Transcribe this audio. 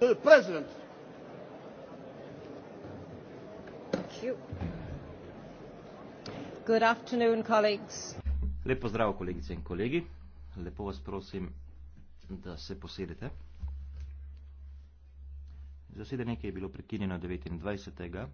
to the president. Thank you. Good afternoon, colleagues. Lepo zdrav, kolegice in kolegi. Lepo vas prosim, da se posedete. Zasedanje, ki je bilo prekinjeno 29.